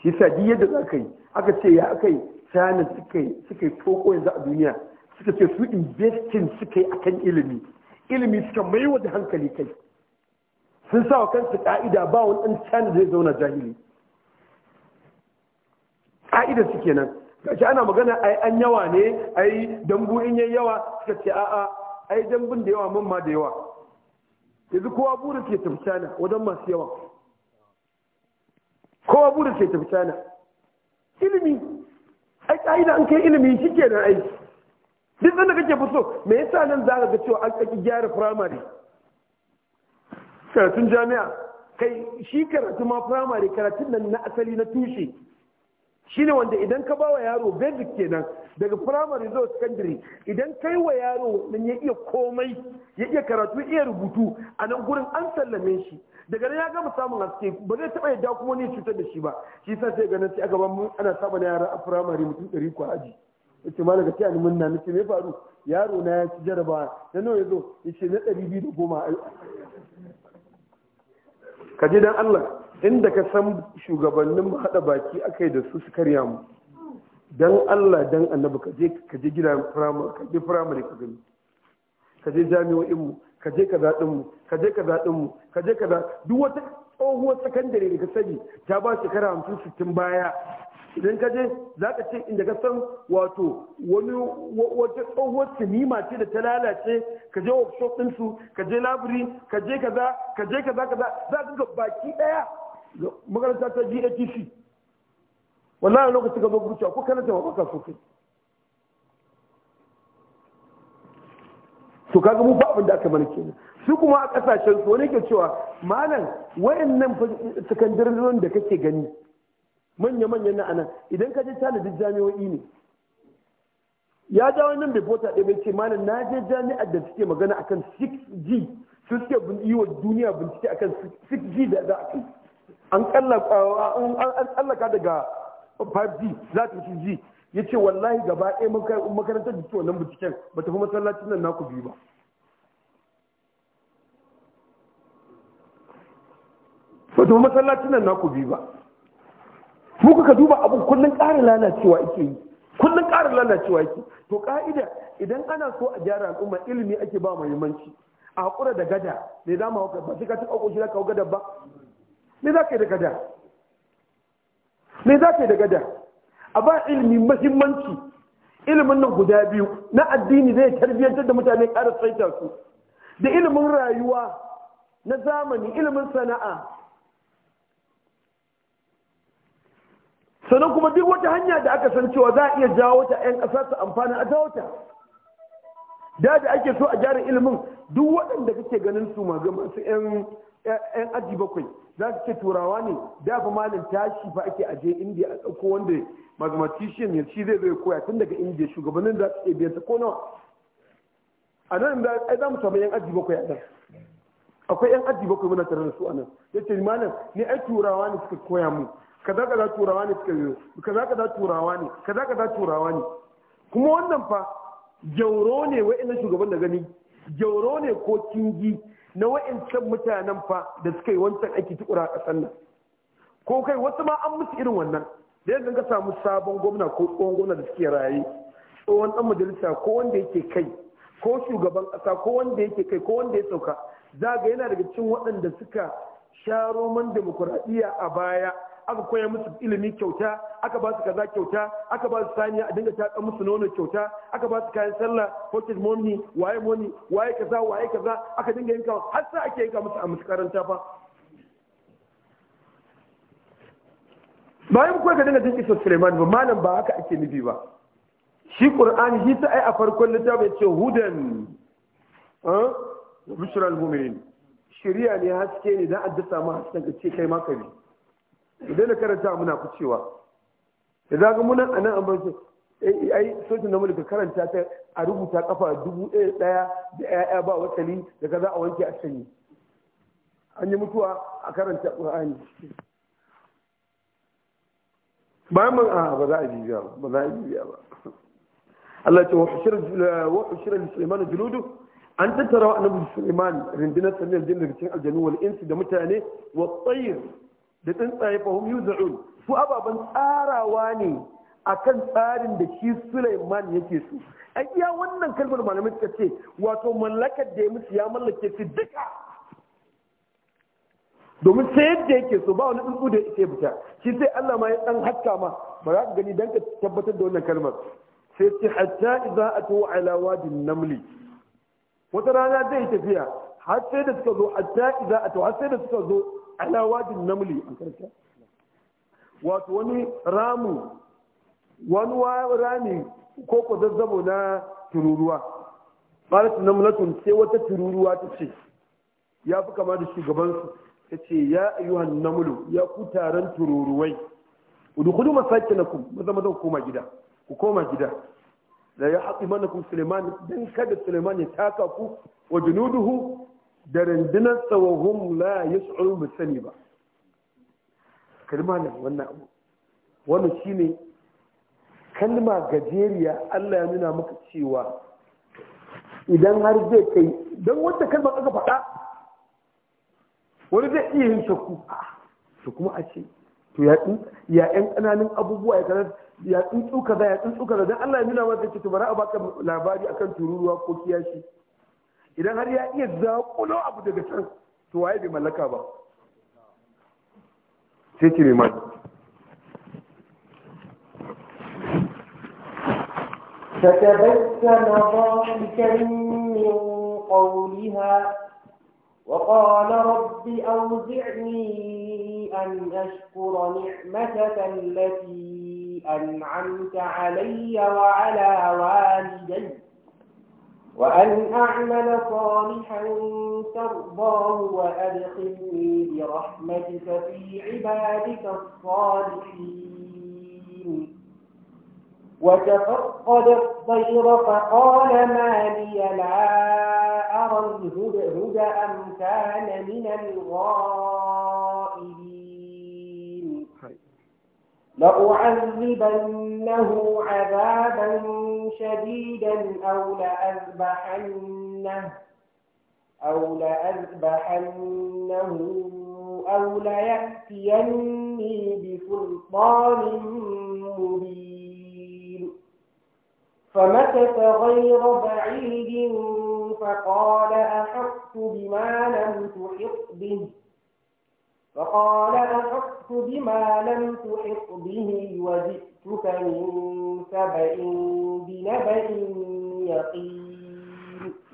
shi sa ji yadda za ka yi aka ce ya aka yi suke suka yi suka yi toko yanzu a duniya suka ce su investing suka yi akan ilimi ilimi suka maiwa da hankali kai sun sa wa kansu ka'ida ba wani ɗan canada zai zauna jahili ka'idar su kenan gashi ana magana ai an yawa ne ai dambu in yayi yawa suka ce a'a ai dambun da yawa mun ma da yawa yanzu kowa burin ke tafi cana wajen masu yawa kowa burin ke tafi cana ilimi ai ka'ida an kai ilimi shi kenan aiki duk sanda kake fi so me yasa nan za ka ga cewa an tsaki gyara firamare karatun jami'a kai shi karatu ma firamare karatun nan na asali na tushe shine wanda idan ka bawa yaro basic kenan daga primary zuwa secondary idan kai wa yaro nan ya iya komai ya iya karatu iya rubutu a nan gurin an sallame shi daga nan ya gama samun haske ba zai taɓa yadda kuma ne cutar da shi ba shi sa sai ganin sai aka gaban mu ana saba na yara a primary mutum ɗari ko aji yace ma daga tiyani mun na nace me faru yaro na ya ci jarabawa na nawa ya zo yace na ɗari biyu da goma ka je dan Allah inda ka san shugabannin haɗa baki aka yi da su su karya mu don allah don annabi ka je ka je gida ka je firamare ka gani ka je jami'o'in mu ka je kaza din mu ka je kaza din mu ka je kaza duk wata tsohuwar sakandare da ka sani ta ba shekara hamsin sittin baya idan ka je za ka ce inda ka san wato wani wata tsohuwar sinima ce da ta lalace ka je workshop ɗinsu ka je labiri ka je kaza ka je kaza kaza za ka ga baki ɗaya makaranta ta GATC wallahi lokacin ga zo ko kana ta baka so kai to kaga mu ba abin da aka mana kenan su kuma a kasashen su wani ke cewa malam wayannan sakandaren da kake gani manya-manyan na anan idan ka je tanadin jami'o'i ne ya ja wannan bai bota ɗaya bai ce malam na je jami'ar da suke magana akan 6G su suke yi wa duniya bincike akan 6G da za a kai an tsallaka daga 5G za ta fi G ya ce wallahi gaba ɗaya makarantar da ke wannan binciken ba tafi masallacin nan naku biyu ba ba tafi masallacin nan naku biyu ba mu kuka duba abin kullum ƙara lalacewa ake yi kullum ƙara lalacewa ake to ƙa'ida idan ana so a gyara al'umma ilimi ake ba muhimmanci a haƙura da gada ne za mu hauka ba sai ka taɓa ƙoshi za ka gada ba me za ka yi da da a ba ilimi mahimmanci ilimin nan guda biyu na addini zai tarbiyyantar da mutane ƙara saita su da ilimin rayuwa na zamani ilimin sana'a sannan kuma duk wata hanya da aka san cewa za a iya jawo ta 'yan ƙasa su amfana a jawo ta da da ake so a gyara ilimin duk waɗanda kake ganin su masu 'yan aji bakwai za su ce turawa ne da fa malin tashi fa ake aje indiya a ɗauko wanda mathematician ya shi zai zai koya tun daga indiya shugabannin za su iya biyan ta ko nawa a nan da ai za mu samu yan aji bakwai a nan akwai yan aji bakwai muna tare da su a nan ya ce malam ni ai turawa ne suka koya mu kaza kaza turawa ne suka yi kaza kaza turawa ne kaza kaza turawa ne kuma wannan fa gyauro ne wa'annan shugaban da gani gyauro ne ko kingi na wa'ancan mutanen fa da suka yi wancan aiki tukura a ƙasar nan ko kai wasu ma an musu irin wannan da yanzu ka samu sabon gwamna ko tsohon gwamna da suke raye tsohon ɗan majalisa ko wanda yake kai ko shugaban ƙasa ko wanda yake kai ko wanda ya sauka za ga yana daga cikin waɗanda suka sha roman demokuraɗiyya a baya aka koya musu ilimi kyauta aka ba su kaza kyauta aka ba su saniya a dinga tatsa musu nono kyauta aka ba su kayan sallah pocket money waye money waye kaza waye kaza aka dinga yanka har sai ake yanka musu a makaranta fa bayan kuwa ka dinga jin isa suleiman ba malam ba haka ake nufi ba shi qur'ani shi ta ai a farkon littafin ce hudan wa bishral mu'minin shari'a ne haske ne dan addasa ma hasken ka ce kai ma ka bi idan na karanta muna kucewa da ga muna a nan bar su eh, eh, ai sojin na mulki karanta ta a rubuta kafa dubu ɗaya da ƴaƴa ba watsali da kaza a wanke a sanyi an yi mutuwa a karanta qur'ani ba mun a ah, ba za a ji ba ba za a ji ba Allah ce wa ushirar Suleiman juludu an tattara wa annabi Suleiman rindinar sanin jin daga cikin aljanu wal insi da mutane wa tsayir da tsuntsaye fahim yuzu'un su ababen tsarawa ne akan tsarin da shi Sulaiman yake so a iya wannan kalmar malamai suka ce wato mallakar da ya musu ya mallake su duka domin sai yadda yake so ba wani tsuntsu da ke fita shi sai Allah ma ya dan haska ma ba za ka gani dan ka tabbatar da wannan kalmar sai ce hatta idza atu ala wadin namli wata rana zai tafiya har sai da suka zo hatta idza atu har sai da suka zo ala wajin namli an karanta wato wani ramu wani rami ko ko zazzabo na tururuwa qalat tun sai wata tururuwa ta ce ya fi kama da shugaban su ta ce ya ayyuhan namlu ya ku taron tururuwai udkhulu masakinakum maza maza koma gida ku koma gida la yahqimanakum suleiman dan kada suleiman ya taka ku wa junuduhu da rundunar tsawahun la ya tsoro mu sani ba kalma ne wannan abu wani shi ne kalma gajeriya allah ya nuna maka cewa idan har zai kai don wata kalma aka faɗa wani zai iya yin shakku to kuma a ce to ya ɗin ƙananan abubuwa ya kanar ya tsuka da, ya tsuka da don allah ya nuna maka ce to a baka labari akan tururuwa ko kiyashi idan har ya iya zaƙulo abu daga can to waye bai mallaka ba sai ce mai فتبسم ضاحكا من قولها وقال رب أوزعني أن أشكر نعمتك التي أنعمت علي وعلى والدي وأن أعمل صالحا ترضاه وأدخلني برحمتك في عبادك الصالحين وتفقد الطير فقال ما لي لا أرى الهدهد أم كان من الغار لأعذبنه عذابا شديدا أو لأذبحنه أو لأذبحنه أو ليأتيني بسلطان مبين فمكث غير بعيد فقال أحط بما لم تحط به فقال أحطت بما لم تحط به وجئتك من سبأ بنبأ يقين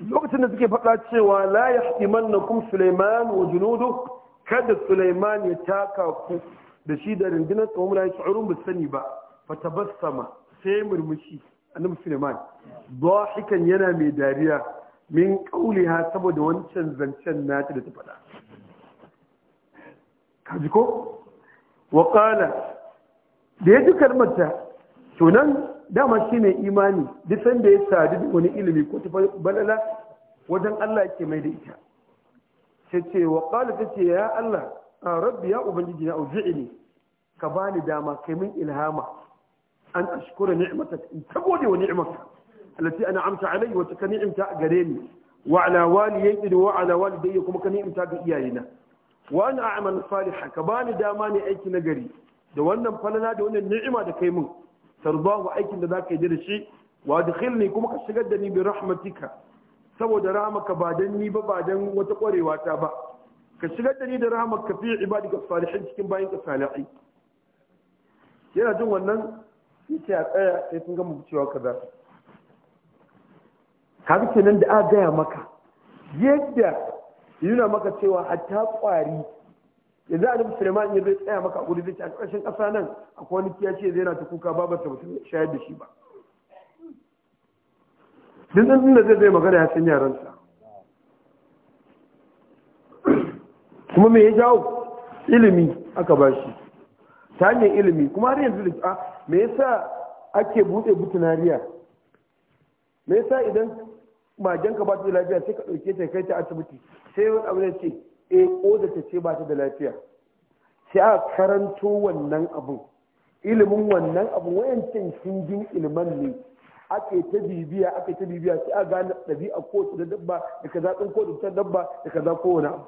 lokacin da suke faɗa cewa la ya haɗiman na kum Suleiman wa kada Suleiman ya taka ku da shi da rundunar tsawon mulayen shi'urun ba sani ba fata bassama sai murmushi annabi Suleiman dahikan yana mai dariya min kauliha saboda wancan zancen nata da ta faɗa kaji ko wa qala da ya ji kalmar tunan dama shi ne imani duk da ya sadu wani ilimi ko ta balala wajen Allah ya ke mai da ita ce ce wa ta ce ya Allah a rabbi ya ubangiji na ne ka bani dama kai min ilhama an ashkura ni'imata in ta gode wa ni'imata allati ana amta alayhi wa ta ni'imta gare ni wa ala waliyyi wa ala walidayya kuma ka ni'imta ga iyayena wani a'amal salihan ka bani dama ne aiki na gari da wannan falala da wannan ni'ima da kai mun tarbahu aikin da zaka yi da shi wa dakhilni kuma ka shigar da ni bi rahmatika saboda rahmaka ba dan ni ba ba dan wata kwarewa ta ba ka shigar da ni da rahmaka fi ibadika salihin cikin bayin ka salihai yana jin wannan yace a tsaya sai sun gama cewa kaza kaga kenan da aka gaya maka yadda nuna maka cewa hatta kwari ya za a nufi suleiman ya zai tsaya maka a guri zai a ƙarshen ƙasa nan akwai wani ce zai na ta kuka babar ta mutum shayar da shi ba duk ɗan da zai zai magana ya san yaransa kuma me ya jawo ilimi aka ba shi ta hanyar ilimi kuma har yanzu da me yasa ake buɗe butunariya me yasa idan magen ka ba ta da lafiya sai ka ɗauke ta kai ta asibiti sai wani abu ne ce eh da ta ce ba ta da lafiya sai a karanto wannan abun ilimin wannan abun wayancan shingin ilman ne ake ta bibiya ake ta bibiya sai a gane ɗabi'a ko da dabba da kaza ɗin ko da dabba da kaza ko wani abu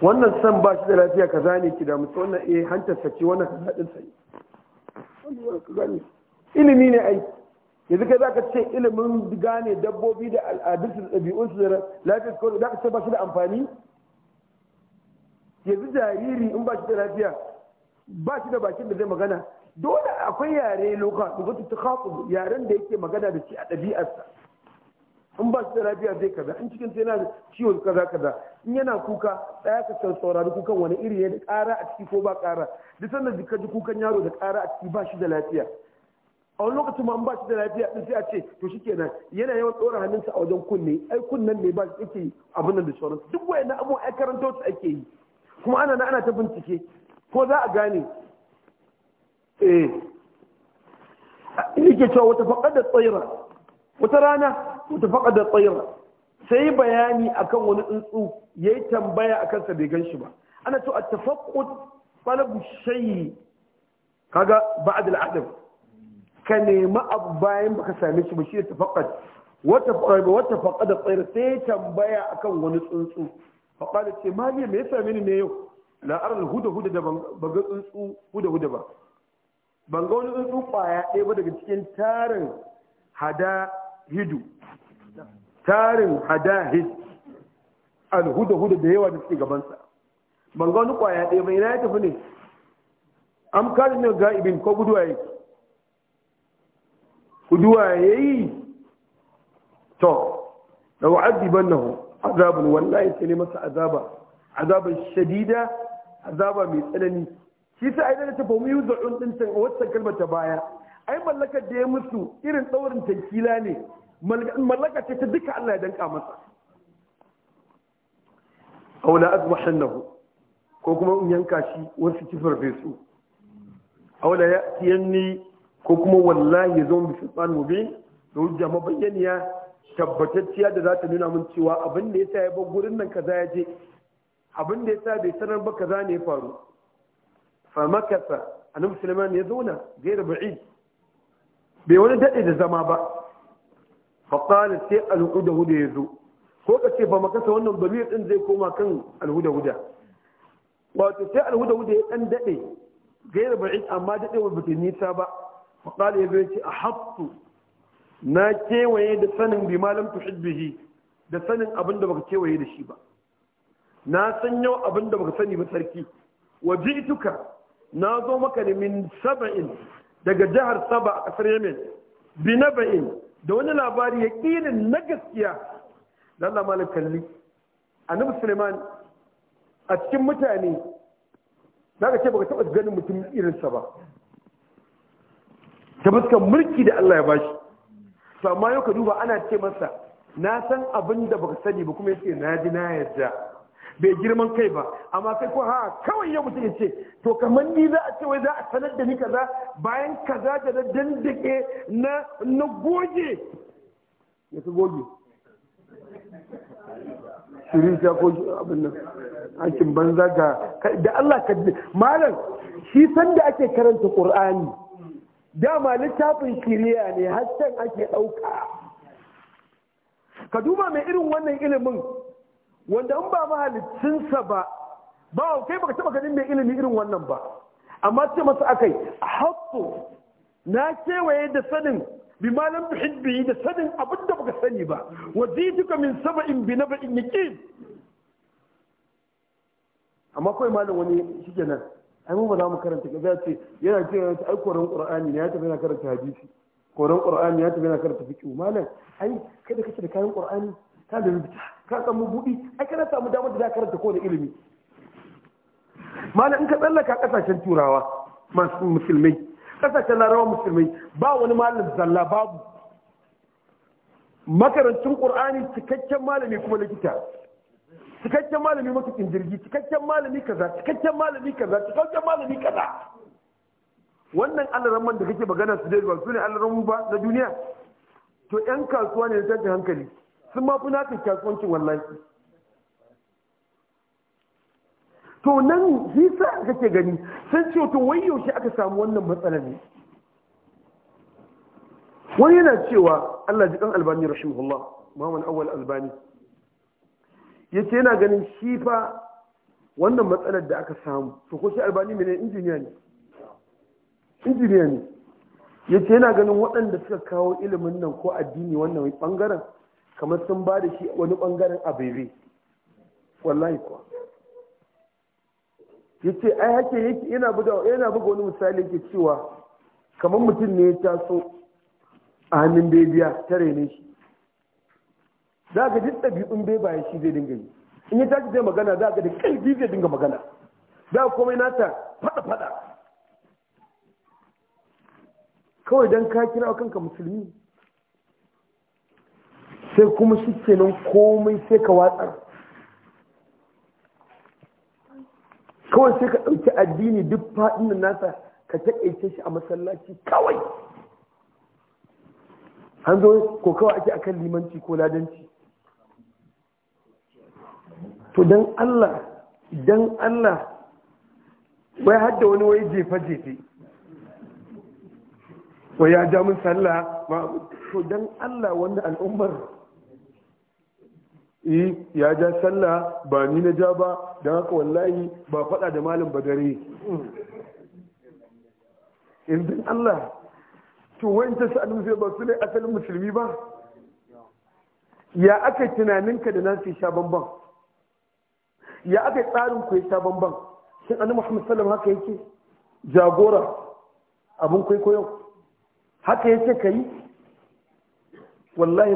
wannan san ba shi da lafiya kaza ne ki da mutu wannan eh hantar ce wannan kaza ɗin sai ilimi ne aiki yanzu kai zaka ce ilimin gane dabbobi da al'adunsu da ɗabi'unsu da lafiyar kawai zaka ce ba shi da amfani yanzu jariri in ba shi da lafiya ba shi da bakin da zai magana dole akwai yare loka gudu ta khafu yaren da yake magana da shi a ɗabi'arsa in ba shi da lafiya zai kaza in cikin sai yana ciwon kaza kaza in yana kuka ɗaya ka san saurari kukan wani iri ne da ƙara a ciki ko ba ƙara duk sanda ka ji kukan yaro da ƙara a ciki ba shi da lafiya a wani lokacin ma ba shi da lafiya din sai a ce to shikenan yana yawan dora hannunsa a wajen kunne ai kunnen ne ba shi yake abin da sauran duk wayannan abubuwa ai karanto su ake yi kuma ana na ana ta bincike ko za a gane eh yake cewa wata da tsaira wata rana wata da tsaira sai bayani akan wani tsuntsu yayi tambaya akan sa bai gan shi ba ana cewa at-tafaqqud talabu shay'i kaga ba'd al-adab ka nemi abu bayan baka same shi ba shi ta faƙad wata faƙad wata faƙad da tsayar sai ya tambaya akan wani tsuntsu faƙad ce maliya me ya sami ni ne yau la'ar huda huda da ba ga tsuntsu huda huda ba ban ga wani tsuntsu ƙwaya ɗaya ba daga cikin tarin hada hidu tarin hada hid alhuda huda da yawa da suke gabansa ban ga wani ƙwaya ɗaya ba ina ya tafi ne am kalin ne ga ibin ko guduwa yake guduwa ya yi to da ban nahu azabin wallahi sai ne masa azaba azabin shadida azaba mai tsanani shi sai aida da ta famu yuzu ɗin ɗintin a wata kalmar ta baya ai mallakar da ya musu irin tsaurin tankila ne mallaka ce ta duka Allah ya danka masa aw la na ko kuma in yanka shi wasu kifar fesu ya siyan ni. ko kuma wallahi ya zo bi sultan mubin da hujja mabayyaniya tabbatacciya da za ta nuna mun cewa abin da ya sa ya bar gurin nan kaza ya je abin da ya sa bai sanar ba kaza ne ya faru fa makasa annabi sulaiman ya zauna gaira ba'id bai wani dade da zama ba fa qala sai alhuda huda ya zo ko ka ce ba makasa wannan damir din zai koma kan alhuda huda wato sai alhuda huda ya dan dade gaira ba'id amma dadewar ba ta nisa ba faƙali ya bai ce a haftu na kewaye da sanin bi malam tuhid bihi da sanin abin da baka kewaye da shi ba na san yau abin da baka sani ba sarki wa ji'tuka na zo maka ne min saba'in daga jihar saba a kasar yemen bi ba'in da wani labari ya ƙinin na gaskiya da Allah malam kalli annabi suleiman a cikin mutane za ka ce baka taɓa ganin mutum irinsa ba ta fuskar mulki da Allah ya bashi to amma yau ka duba ana ce masa na san abin da baka sani ba kuma yace na ji na yarda bai girman kai ba amma kai ko ha kawai yau mutu yace to kamar ni za a ce wai za a sanar da ni kaza bayan kaza da na dandake na na goge ya ka goge shirin ta ko abin nan aikin banza ga da Allah ka malam shi san da ake karanta Qur'ani dama littafin shiriya ne hasken ake ɗauka ka duba mai irin wannan ilimin wanda in ba mahalicinsa ba ba kai baka taba ganin mai ilimi irin wannan ba amma ce masa akai hatsu na kewaye da sanin bi malam tuhibbi da sanin abin baka sani ba zidika min in bi in yi amma kawai malam wani shikenan ai mu ba za mu karanta ka za ce yana cewa ai koran qur'ani ne ya tafi yana karanta hadisi koran qur'ani ya tafi yana karanta fiqh malam ai kada kake da kayan qur'ani ka da rubuta ka mu budi ai kana samu damar da za ka karanta kowane ilimi malam in ka tsallaka kasashen turawa masu musulmai kasashen larabawa musulmai ba wani malam zalla babu makarantun qur'ani cikakken malami kuma likita cikakken malami matukin jirgi cikakken malami kaza cikakken malami kaza cikakken malami kaza wannan alaran da kake magana su dai ba su ne alaran ba na duniya to yan kasuwa ne da hankali sun ma fi naka kasuwancin wallahi to nan hisa kake gani sun ce to wai yaushe aka samu wannan matsala ne wani yana cewa Allah ji kan albani rahimahullah Muhammad Awwal Albani ya yana ganin shi fa wannan matsalar da aka samu to ko shi albani mai injiniya ne injiniya ne ya yana ganin waɗanda suka kawo ilimin nan ko addini wannan ɓangaren kamar sun ba da shi wani ɓangaren a bebe wallahi kuwa ya ai hake yake yana buga wani misali yake cewa kamar mutum ne ya taso a hannun bebiya tare ne shi za ga duk ɗabi'un bai baya shi zai dinga yi in ya tashi zai magana za ga da ƙarfi zai dinga magana za ga komai nata faɗa faɗa kawai don ka kira kanka musulmi sai kuma shi kenan komai sai ka watsar kawai sai ka ɗauki addini duk faɗin da nasa ka taƙaice shi a masallaci kawai an zo ko kawai ake akan limanci ko ladanci to don Allah don Allah wai hadda wani wai jefa-jefe wai ya ja mun sallah to don Allah wanda al'ummar ya ja sallah ba ni na ja ba don haka wallahi ba faɗa da malam badare in don Allah to wancan ta sa'adun sai ba su ne asalin musulmi ba ya aka tunaninka da nasi sha bambam ya aka tsarin ku ya sha bamban shi annabi Muhammad sallallahu haka yake jagora abun kwaikwayo haka yake kai wallahi